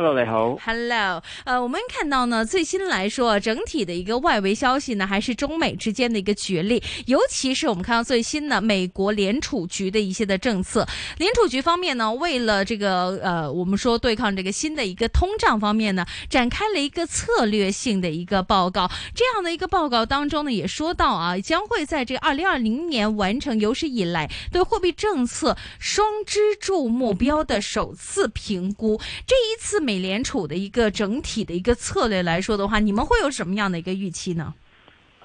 Hello，你好。Hello，呃，uh，我們看到呢，最新來說，整體的一個外圍消息呢，還是中美之間的一個角力，尤其是我們看到最新的美國聯儲局的一些的政策。聯儲局方面呢，為了這個呃，我們說對抗這個新的一個通脹方面呢，展開了一個策略性的一個報告。這樣的一個報告當中呢，也說到啊，將會在這個二零二零年完成有史以來對貨幣政策雙支柱目標的首次評估。這一次。美聯儲的一個整體的一個策略來說的話，你們會有什麼樣的一個預期呢？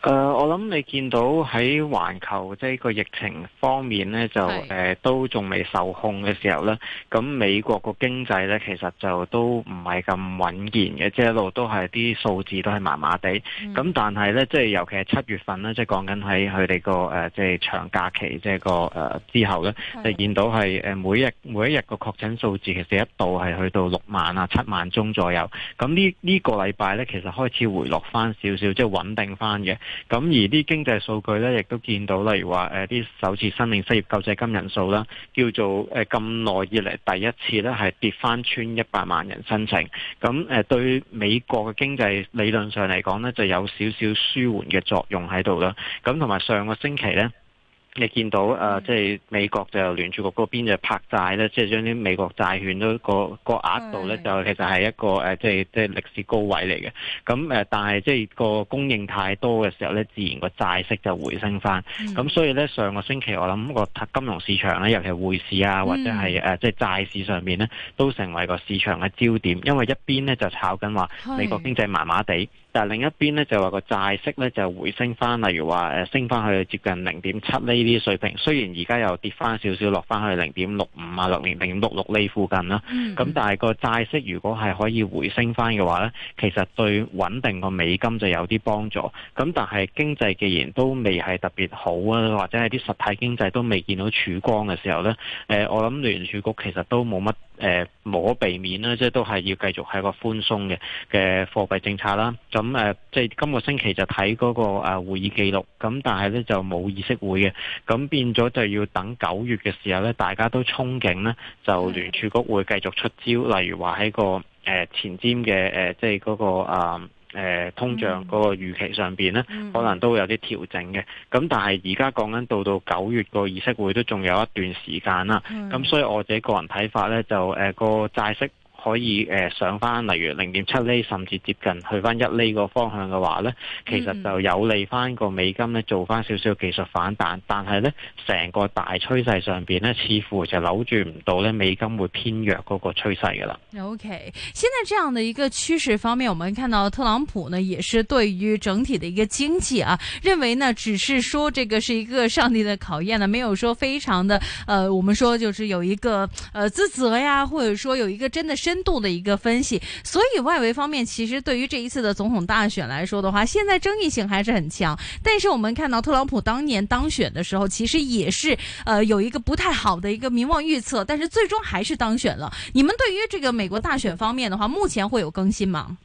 誒、呃，我諗你見到喺環球即係、就是、個疫情方面咧，就誒是、呃、都仲未受控嘅時候咧，咁美國個經濟咧其實就都唔係咁穩健嘅，即、就、係、是、一路都係啲數字都係麻麻地。咁、嗯、但係咧，即係尤其係七月份咧，即係講緊喺佢哋個誒即係長假期即係個誒之後咧，的你見到係誒每日每一日個確診數字其實一度係去到六萬啊七萬宗左右。咁、這個、呢呢個禮拜咧，其實開始回落翻少少，即係穩定翻嘅。咁而啲經濟數據咧，亦都見到，例如話啲、呃、首次申領失業救濟金人數啦，叫做咁耐、呃、以嚟第一次咧係跌翻穿一百萬人申請。咁、嗯呃、對美國嘅經濟理論上嚟講咧，就有少少舒緩嘅作用喺度啦。咁同埋上個星期咧。你見到誒，即、呃、係、就是、美國就聯儲局嗰邊就拍債咧，即、就、係、是、將啲美國債券都個個額度咧，就其實係一個即係即係歷史高位嚟嘅。咁、呃、但係即係個供應太多嘅時候咧，自然個債息就回升翻。咁、嗯、所以咧，上個星期我諗個金融市場咧，尤其係匯市啊，或者係即係債市上面咧，都成為個市場嘅焦點，因為一邊咧就炒緊話美國經濟麻麻地。嗯但係另一邊咧就話個債息咧就回升翻，例如話誒升翻去接近零點七呢啲水平，雖然而家又跌翻少少，落翻去零點六五啊、零點六六呢附近啦。咁、mm hmm. 但係個債息如果係可以回升翻嘅話咧，其實對穩定個美金就有啲幫助。咁但係經濟既然都未係特別好啊，或者係啲實體經濟都未見到曙光嘅時候咧、呃，我諗聯儲局其實都冇乜。誒無可避免啦，即係都係要繼續係一個寬鬆嘅嘅貨幣政策啦。咁誒，即係今個星期就睇嗰個誒會議記錄，咁但係咧就冇議息會嘅，咁變咗就要等九月嘅時候咧，大家都憧憬咧就聯儲局會繼續出招，例如話喺個誒前瞻嘅誒，即係嗰個誒通脹嗰個預期上面咧，mm hmm. 可能都會有啲調整嘅。咁但係而家講緊到到九月個議息會都仲有一段時間啦。咁、mm hmm. 所以我自己個人睇法咧，就誒個債息，可以誒上翻，例如零點七釐，甚至接近去翻一厘個方向嘅話咧，其實就有利翻個美金咧做翻少少技術反彈，但係咧成個大趨勢上邊咧，似乎就扭轉唔到咧美金會偏弱個趨勢噶啦。OK，現在這樣的一個趨勢方面，我們看到特朗普呢，也是對於整體的一個經濟啊，認為呢只是說這個是一個上帝的考驗啦，沒有說非常的，呃，我們說就是有一個呃自責呀，或者說有一個真的深。深度的一個分析，所以外圍方面，其實對於這一次的總統大選來說的話，現在爭議性還是很強。但是我們看到特朗普當年當選的時候，其實也是呃有一個不太好的一個民望預測，但是最終還是當選了。你們對於這個美國大選方面的話，目前會有更新嗎？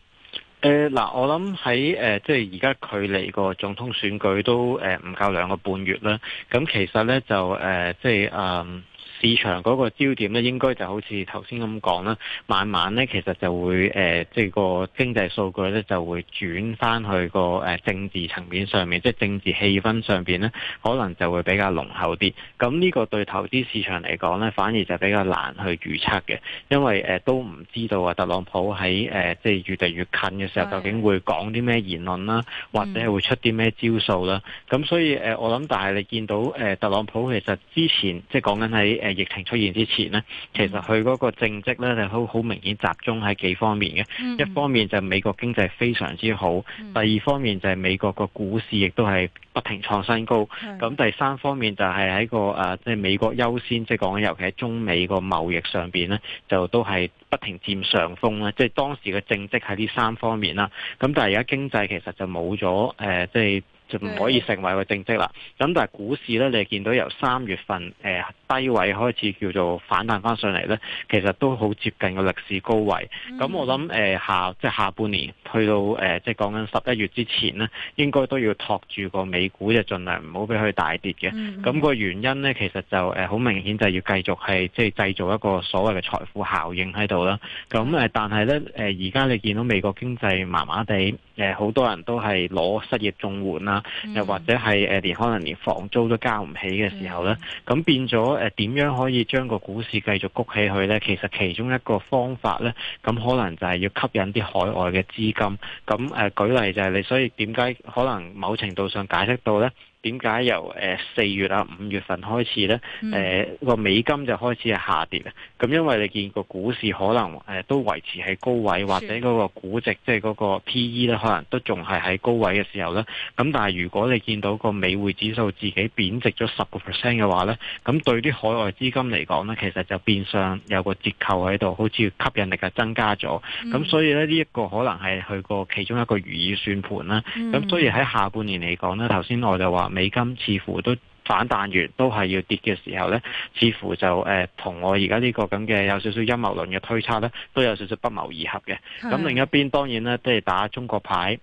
誒、呃，嗱、呃，我諗喺誒，即係而家距離個總統選舉都誒唔夠兩個半月啦。咁、嗯、其實咧就誒、呃，即係嗯。呃市場嗰個焦點咧，應該就好似頭先咁講啦。慢慢咧，其實就會誒，即、呃、係、就是、個經濟數據咧就會轉翻去個政治層面上面，即、就、係、是、政治氣氛上邊咧，可能就會比較濃厚啲。咁呢個對投資市場嚟講咧，反而就比較難去預測嘅，因為誒、呃、都唔知道啊，特朗普喺誒即係越嚟越近嘅時候，對究竟會講啲咩言論啦，嗯、或者會出啲咩招數啦。咁所以誒、呃，我諗但係你見到誒、呃、特朗普其實之前即係講緊喺。呃疫情出現之前呢，其實佢嗰個政績呢就好好明顯集中喺幾方面嘅。一方面就係美國經濟非常之好，第二方面就係美國個股市亦都係不停創新高。咁第三方面就係喺個誒，即係美國優先，即係講尤其係中美個貿易上邊呢，就都係不停佔上風咧。即係當時嘅政績喺呢三方面啦。咁但係而家經濟其實就冇咗誒，即係。就唔可以成為個政績啦。咁但係股市咧，你見到由三月份誒、呃、低位開始叫做反彈翻上嚟咧，其實都好接近個歷史高位。咁、嗯、我諗誒、呃、下，即係下半年去到誒、呃、即係講緊十一月之前咧，應該都要托住個美股，就盡量唔好俾佢大跌嘅。咁、嗯、個原因咧，其實就誒好明顯就係要繼續係即係製造一個所謂嘅財富效應喺度啦。咁、嗯、但係咧而家你見到美國經濟麻麻地，誒、呃、好多人都係攞失業綜援啦。又或者係誒，連可能連房租都交唔起嘅時候呢，咁、嗯、變咗誒點樣可以將個股市繼續谷起去呢？其實其中一個方法呢，咁可能就係要吸引啲海外嘅資金。咁誒、呃、舉例就係你，所以點解可能某程度上解釋到呢？點解由誒四月啊五月份開始咧？誒個、嗯、美金就開始係下跌，咁因為你見個股市可能都維持喺高位，或者嗰個估值即係嗰個 P E 咧，可能都仲係喺高位嘅時候咧。咁但係如果你見到個美匯指數自己貶值咗十個 percent 嘅話咧，咁對啲海外資金嚟講咧，其實就變相有個折扣喺度，好似吸引力嘅增加咗。咁、嗯、所以咧，呢一個可能係去個其中一個如意算盤啦。咁、嗯、所以喺下半年嚟講咧，頭先我就話。美金似乎都反彈完，都係要跌嘅時候呢，似乎就誒同、呃、我而家呢個咁嘅有少少陰謀論嘅推測呢，都有少少不謀而合嘅。咁的另一邊當然呢都係打中國牌，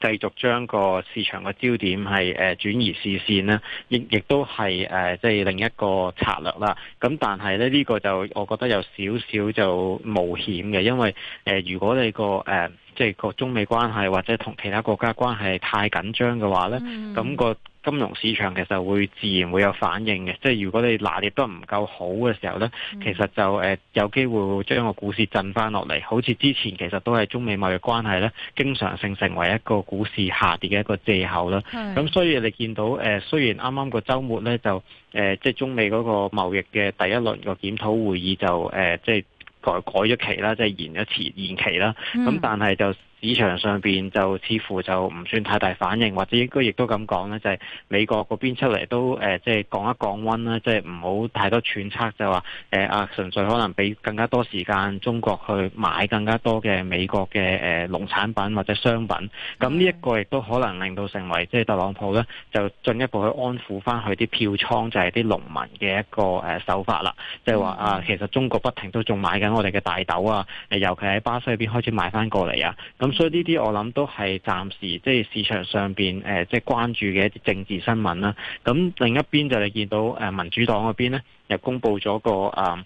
繼續將個市場嘅焦點係、呃、轉移視線啦，亦亦都係誒、呃、即係另一個策略啦。咁但係呢，呢、呢個就我覺得有少少就冒險嘅，因為誒、呃、如果你個。誒、呃。即係個中美關係或者同其他國家關係太緊張嘅話呢，咁，嗯，個金融市場其實會自然會有反應嘅。即係如果你拿捏得唔夠好嘅時候呢，嗯，其實就有機會會將個股市震翻落嚟。好似之前其實都係中美貿易關係呢，經常性成為一個股市下跌嘅一個藉口啦。咁，嗯，所以你見到誒雖然啱啱個週末呢，就即係中美嗰個貿易嘅第一輪個檢討會議就即係。改改咗期啦，即係延咗期，就是、延期啦。咁但係就。市場上面就似乎就唔算太大反應，或者應該亦都咁講呢就係、是、美國嗰邊出嚟都即係降一降溫啦，即係唔好太多揣測，就話誒啊，純粹可能俾更加多時間中國去買更加多嘅美國嘅誒、呃、農產品或者商品，咁呢一個亦都可能令到成為即係、就是、特朗普咧，就進一步去安撫翻佢啲票倉，就係、是、啲農民嘅一個手法啦，即係話啊，其實中國不停都仲買緊我哋嘅大豆啊，尤其喺巴西嗰邊開始買翻過嚟啊。咁所以呢啲我諗都係暫時，即係市場上邊，誒即係關注嘅一啲政治新聞啦。咁另一邊就係見到誒民主黨嗰邊咧，又公布咗個啊，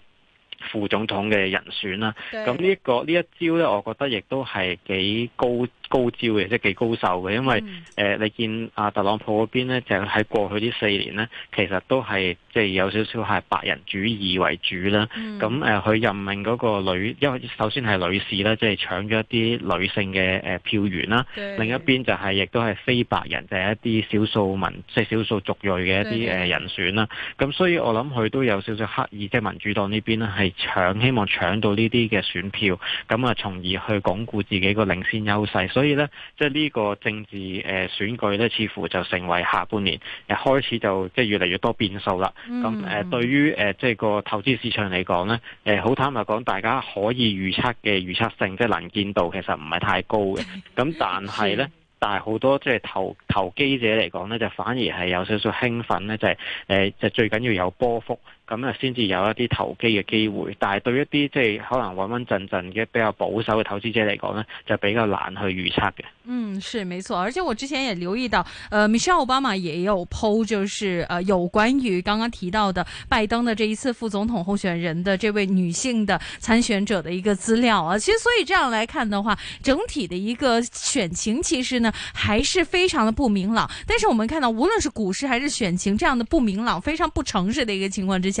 副總統嘅人選啦，咁呢對、呢個呢一招咧，我覺得亦都係幾高高招嘅，即係幾高手嘅，因為誒、嗯呃、你見阿特朗普嗰邊咧，就喺、是、過去呢四年咧，其實都係即係有少少係白人主義為主啦。咁誒、嗯，佢任命嗰個女，因為首先係女士啦，即、就、係、是、搶咗一啲女性嘅誒票源啦。對另一邊就係亦都係非白人，就係、是、一啲少數民即係少數族裔嘅一啲誒人選啦。咁對所以我諗佢都有少少刻意，即、就、係、是、民主黨邊呢邊咧係。搶希望搶到呢啲嘅選票，咁啊，從而去鞏固自己個領先優勢。所以咧，即係呢個政治誒選舉咧，似乎就成為下半年誒開始就即係越嚟越多變數啦。咁誒、嗯，對於誒即係個投資市場嚟講咧，誒好坦白講，大家可以預測嘅預測性即係能見度其實唔係太高嘅。咁 但係咧，但係好多即係投投機者嚟講咧，就反而係有少少興奮咧，就係誒就最緊要有波幅。咁啊，先至有一啲投機嘅機會，但係對於一啲即係可能穩穩陣陣嘅比較保守嘅投資者嚟講咧，就比較難去預測嘅。嗯，是沒錯，而且我之前也留意到，呃，米歇爾奧巴馬也有 po，就是呃，有關於剛剛提到的拜登的這一次副總統候選人的這位女性的參選者的一個資料啊。其實，所以這樣來看的話，整體的一個選情其實呢，還是非常的不明朗。但是我們看到，無論是股市還是選情，這樣的不明朗、非常不誠實的一個情況之下。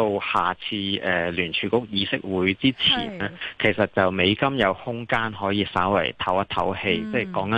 到下次誒、呃、聯儲局議息會之前咧，的其實就美金有空間可以稍微透一透氣。嗯、即係講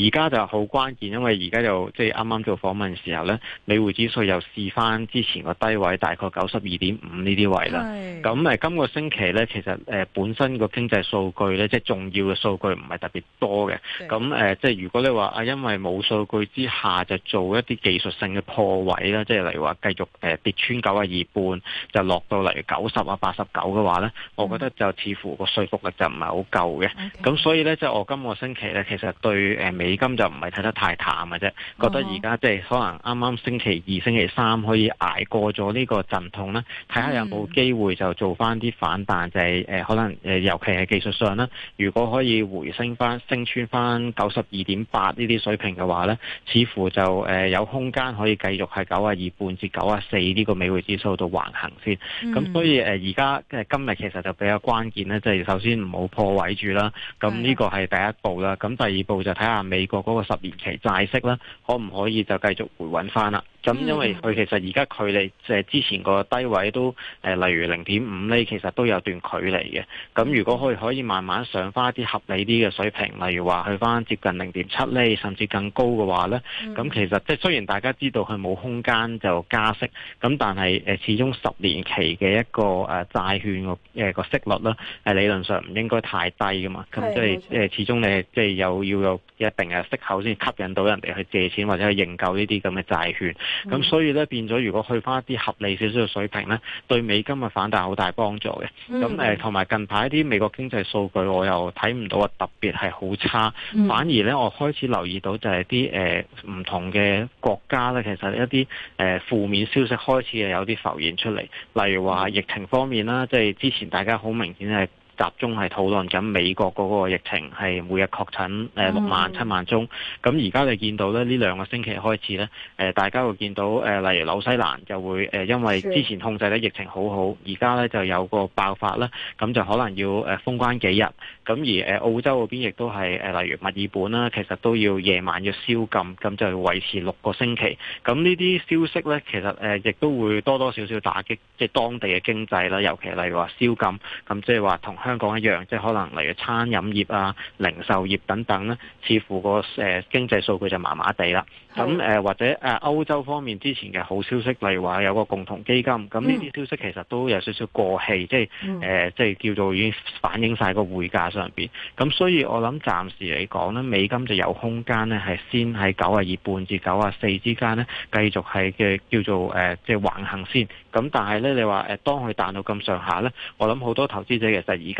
緊而家就好關鍵，因為而家又即係啱啱做訪問時候咧，美匯指數又試翻之前個低位，大概九十二點五呢啲位啦。咁誒的、呃、今個星期咧，其實誒、呃、本身個經濟數據咧，即係重要嘅數據唔係特別多嘅。咁誒的、呃、即係如果你話啊，因為冇數據之下就做一啲技術性嘅破位啦，即係例如話繼續誒、呃、跌穿九啊二半。就落到嚟九十啊八十九嘅話呢，嗯、我覺得就似乎個說服力就唔係好夠嘅。咁 Okay. 所以呢，即係我今個星期呢，其實對美金就唔係睇得太淡嘅啫。覺得而家即係可能啱啱星期二、星期三可以挨過咗呢個陣痛啦，睇下有冇機會就做翻啲反彈。嗯、就係可能尤其係技術上啦，如果可以回升翻、升穿翻九十二點八呢啲水平嘅話呢，似乎就誒有空間可以繼續系九啊二半至九啊四呢個美匯指數度橫行先，咁、嗯、所以誒而家今日其實就比較關鍵咧，即係首先唔好破位住啦，咁呢個係第一步啦，咁第二步就睇下美國嗰個十年期債息啦，可唔可以就繼續回穩翻啦？.咁、嗯、因為佢其實而家距離即係之前個低位都、呃、例如零點五呢，其實都有段距離嘅。咁如果佢可，可以慢慢上返一啲合理啲嘅水平，例如話去返接近零點七呢，甚至更高嘅話咧，咁、嗯、其實即係雖然大家知道佢冇空間就加息，咁但係誒，始終十年期嘅一個誒、啊、債券個誒個息率啦，理論上唔應該太低㗎嘛。咁是即係即錯始終你即係有要有一定嘅息口先吸引到人哋去借錢或者去認購呢啲咁嘅債券。咁、嗯、所以咧，變咗如果去翻一啲合理少少嘅水平咧，對美金嘅反彈好大幫助嘅。咁誒、同埋近排啲美國經濟數據，我又睇唔到啊，特別係好差。嗯、反而咧，我開始留意到就係啲誒唔同嘅國家咧，其實一啲誒、呃、負面消息開始係有啲浮現出嚟，例如話疫情方面啦，即係之前大家好明顯係。集中係討論緊美國嗰個疫情係每日確診誒六萬七萬宗，咁而家你見到咧呢兩個星期開始咧誒，大家會見到誒，例如紐西蘭就會誒，因為之前控制咧疫情好好，而家咧就有個爆發啦，咁就可能要誒封關幾日，咁而誒澳洲嗰邊亦都係誒，例如墨爾本啦，其實都要夜晚要宵禁，咁就要維持六個星期，咁呢啲消息咧其實誒亦都會多多少少打擊即係、就是、當地嘅經濟啦，尤其例如話宵禁，咁即係話同香香港一樣，即係可能例如餐飲業啊、零售業等等咧，似乎個誒經濟數據就麻麻地啦。咁誒的或者誒歐洲方面之前嘅好消息，例如話有個共同基金，咁呢啲消息其實都有少少過氣，即係誒、嗯、即係叫做已經反映晒個匯價上邊。咁所以我諗暫時嚟講咧，美金就有空間咧，係先喺九啊二半至九啊四之間咧，繼續係嘅叫做誒、呃、即係橫行先。咁但係咧，你話誒當佢彈到咁上下咧，我諗好多投資者其實而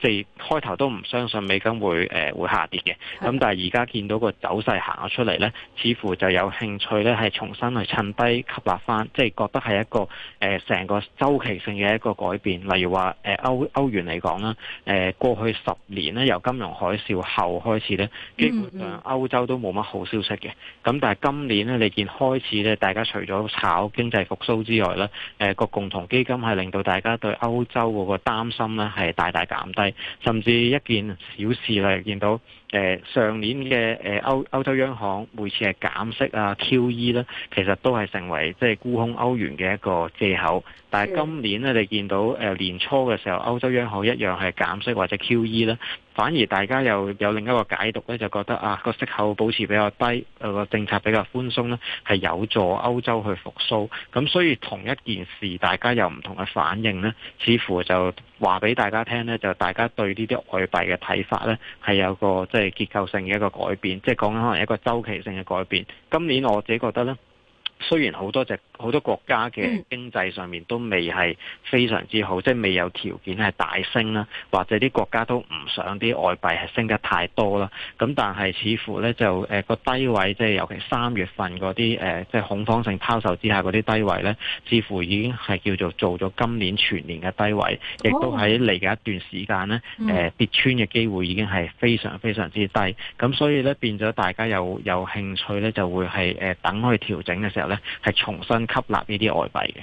即係開頭都唔相信美金會誒會下跌嘅，咁但係而家見到個走勢行咗出嚟呢，似乎就有興趣呢係重新去趁低吸納翻，即係覺得係一個誒成個周期性嘅一個改變。例如話誒歐歐元嚟講啦，誒過去十年呢由金融海嘯後開始呢，基本上歐洲都冇乜好消息嘅。咁但係今年呢你見開始呢，大家除咗炒經濟復甦之外呢，誒個共同基金係令到大家對歐洲嗰個擔心呢係大大減低。甚至一件小事嚟，你見到誒、呃、上年嘅誒歐歐洲央行每次係減息啊、QE 咧，其實都係成為即係、就是、沽空歐元嘅一個借口。但係今年咧，你見到誒、呃、年初嘅時候，歐洲央行一樣係減息或者 QE 咧。反而大家又有另一個解讀咧，就覺得啊個息口保持比較低，誒、啊、個政策比較寬鬆咧，係有助歐洲去復甦。咁所以同一件事，大家有唔同嘅反應咧，似乎就話俾大家聽咧，就大家對呢啲外幣嘅睇法咧，係有個即係、就是、結構性嘅一個改變，即係講緊可能一個周期性嘅改變。今年我自己覺得咧。雖然好多隻好多國家嘅經濟上面都未係非常之好，嗯、即係未有條件係大升啦，或者啲國家都唔想啲外幣係升得太多啦。咁但係似乎呢，就誒個、呃、低位，即係尤其三月份嗰啲誒即係恐慌性拋售之下嗰啲低位呢，似乎已經係叫做做咗今年全年嘅低位，亦、哦、都喺嚟緊一段時間呢，誒、嗯呃、跌穿嘅機會已經係非常非常之低。咁所以呢，變咗大家有有興趣呢，就會係、呃、等去調整嘅時候。咧係重新吸納呢啲外幣嘅。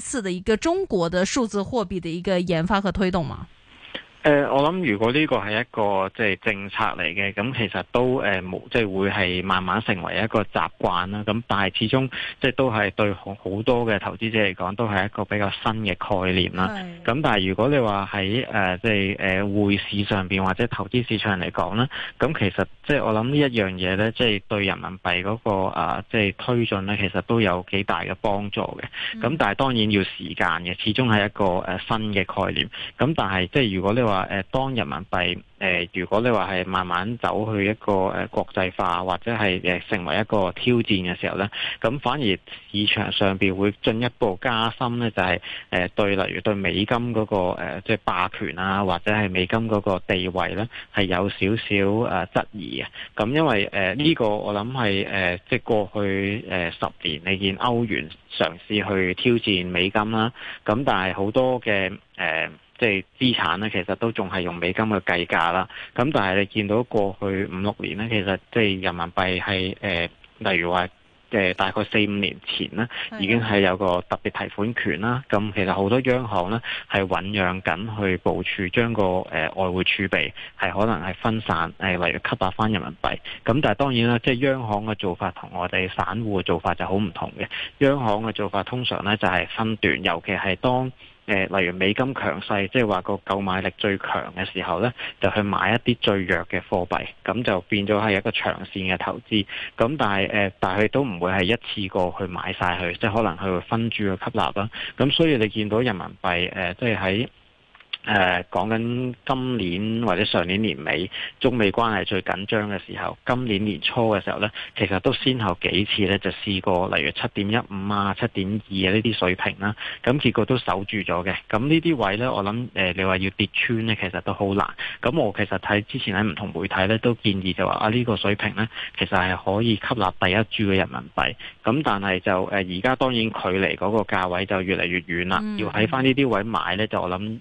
次的一個中國的數字貨幣的一個研發和推動嘛。誒、呃，我諗如果呢個係一個即係政策嚟嘅，咁其實都誒冇、呃，即係會係慢慢成為一個習慣啦。咁但係始終即係都係對好好多嘅投資者嚟講，都係一個比較新嘅概念啦。咁的但係如果你話喺誒即係誒、呃、匯市上邊或者投資市場嚟講咧，咁其實即係我諗呢一樣嘢咧，即係對人民幣嗰、那個啊、呃、即係推進咧，其實都有幾大嘅幫助嘅。咁、嗯、但係當然要時間嘅，始終係一個誒、呃、新嘅概念。咁但係即係如果你話話誒，當人民幣誒，如果你話係慢慢走去一個誒國際化，或者係誒成為一個挑戰嘅時候咧，咁反而市場上邊會進一步加深咧，就係誒對，例如對美金嗰個誒即係霸權啊，或者係美金嗰個地位咧，係有少少誒質疑嘅。咁因為誒呢個我諗係誒即係過去誒十年你見歐元嘗試去挑戰美金啦，咁但係好多嘅誒。呃即係資產咧，其實都仲係用美金去計價啦。咁但係你見到過去五六年咧，其實即係人民幣係誒、呃，例如話誒、呃，大概四五年前咧，的已經係有個特別提款權啦。咁其實好多央行咧係醞釀緊去部署，將個、呃、外匯儲備係可能係分散、呃，例如吸納翻人民幣。咁但係當然啦，即係央行嘅做法同我哋散戶嘅做法就好唔同嘅。央行嘅做法通常咧就係分段，尤其係當誒，例如美金強勢，即係話個購買力最強嘅時候呢，就去買一啲最弱嘅貨幣，咁就變咗係一個長線嘅投資。咁但係誒，但係都唔會係一次過去買晒佢，即係可能佢會分住去吸納啦。咁所以你見到人民幣誒，即係喺，就是在誒，講緊今年或者上年年尾中美關係最緊張嘅時候，今年年初嘅時候呢，其實都先後幾次呢就試過，例如七點一五啊、七點二啊呢啲水平啦，咁結果都守住咗嘅。咁呢啲位呢，我諗、呃、你話要跌穿、啊這個、呢，其實都好難。咁我其實睇之前喺唔同媒體呢都建議就話啊呢個水平呢其實係可以吸納第一注嘅人民幣。咁但係就而家、呃、當然距離嗰個價位就越嚟越遠啦，嗯、要喺翻呢啲位買呢，就我諗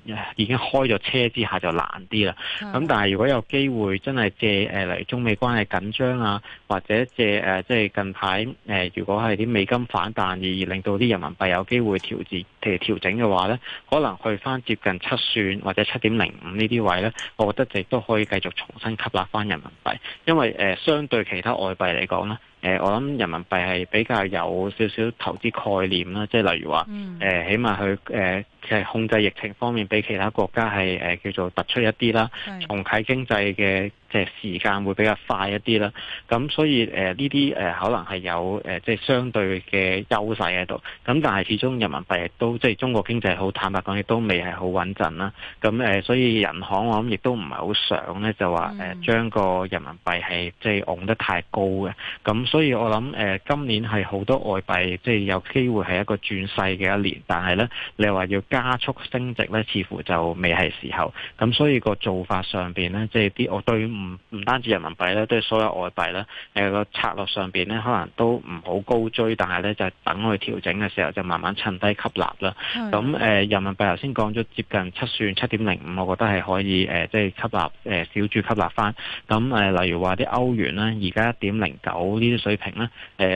已經開咗車之下就難啲啦。咁但係如果有機會真的，真係借誒嚟中美關係緊張啊，或者借誒即係近排誒、呃，如果係啲美金反彈而令到啲人民幣有機會調節、調調整嘅話呢，可能去翻接近七算或者七點零五呢啲位呢，我覺得亦都可以繼續重新吸納翻人民幣，因為誒、呃、相對其他外幣嚟講咧。誒、呃，我諗人民幣係比較有少少投資概念啦，即係例如話，誒、嗯呃，起碼佢誒，呃、其實控制疫情方面比其他國家係、呃、叫做突出一啲啦，的重啟經濟嘅。即係時間會比較快一啲啦，咁所以誒呢啲誒可能係有誒、呃、即係相對嘅優勢喺度，咁但係始終人民幣亦都即係中國經濟好坦白講亦都未係好穩陣啦，咁誒所以人行我諗亦都唔係好想咧就話誒、呃、將個人民幣係即係戇得太高嘅，咁所以我諗誒、呃、今年係好多外幣即係有機會係一個轉勢嘅一年，但係咧你話要加速升值咧，似乎就未係時候，咁所以個做法上面咧即係啲我對。唔唔單止人民幣呢都係所有外幣呢，誒個策略上面咧，可能都唔好高追，但係咧就係等佢調整嘅時候，就慢慢趁低吸納啦。咁誒人民幣頭先講咗接近七算七點零五，我覺得係可以即係吸納小注吸納翻。咁例如話啲歐元呢，而家一點零九呢啲水平呢，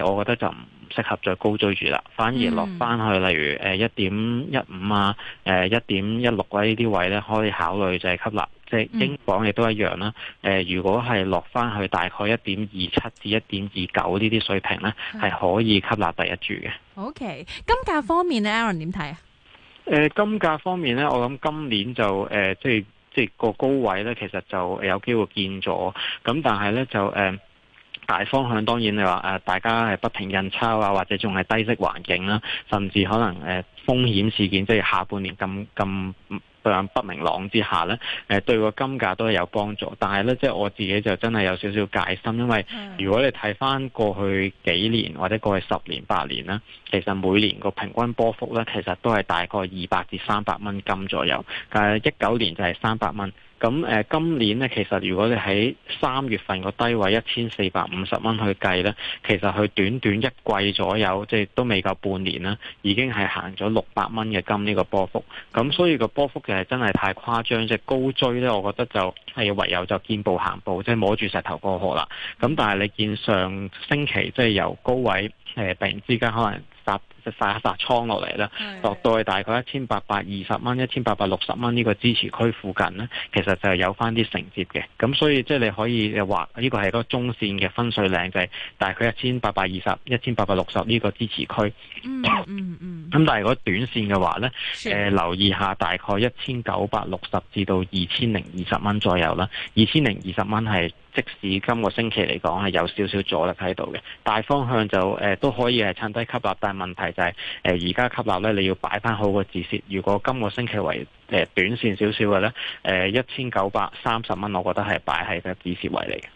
我覺得就唔適合再高追住啦，反而落翻去，例如誒一點一五啊、誒一點一六啊呢啲位咧可以考慮就係吸納。嗯、即係英鎊亦都一樣啦。誒、呃，如果係落翻去大概一點二七至一點二九呢啲水平咧，係、嗯、可以吸納第一注嘅。OK，金價方面咧 Aaron 點睇啊？誒、呃，金價方面咧，我諗今年就誒、呃，即係即係個高位咧，其實就有機會見咗。咁但係咧就誒。呃大方向當然你話誒，大家係不停印鈔啊，或者仲係低息環境啦，甚至可能誒風險事件，即係下半年咁咁樣不明朗之下呢，誒對個金價都係有幫助。但係呢，即係我自己就真係有少少戒心，因為如果你睇翻過去幾年或者過去十年八年啦，其實每年個平均波幅呢，其實都係大概二百至三百蚊金左右。但係，一九年就係三百蚊。咁誒、呃，今年咧，其實如果你喺三月份個低位一千四百五十蚊去計咧，其實佢短短一季左右，即係都未夠半年啦，已經係行咗六百蚊嘅金呢個波幅。咁所以個波幅其實真係太誇張，即係高追咧，我覺得就係唯有就見步行步，即係摸住石頭過河啦。咁但係你見上星期即係由高位、呃、病突然之間可能。殺一殺殺倉落嚟啦，的落到去大概一千八百二十蚊、一千八百六十蚊呢個支持區附近呢，其實就係有翻啲承接嘅。咁所以即係、就是、你可以話呢、這個係嗰個中線嘅分水嶺就係、是，大概一千八百二十、一千八百六十呢個支持區。嗯嗯嗯。咁、嗯嗯、但係如果短線嘅話呢，誒的、呃、留意下大概一千九百六十至到二千零二十蚊左右啦，二千零二十蚊係。即使今個星期嚟講係有少少阻力喺度嘅，大方向就誒、呃、都可以係趁低吸納，但係問題就係誒而家吸納咧，你要擺翻好個止蝕。如果今個星期為誒、呃、短線少少嘅咧，誒一千九百三十蚊，1, 我覺得係擺喺個止蝕位嚟嘅。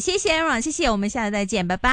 謝謝安網，謝謝，我們下次再見，拜拜。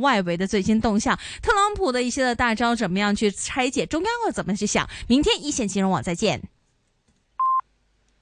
外圍的最新動向，特朗普的一些的大招怎麼樣去拆解？中央會怎麼去想？明天一線金融網再見。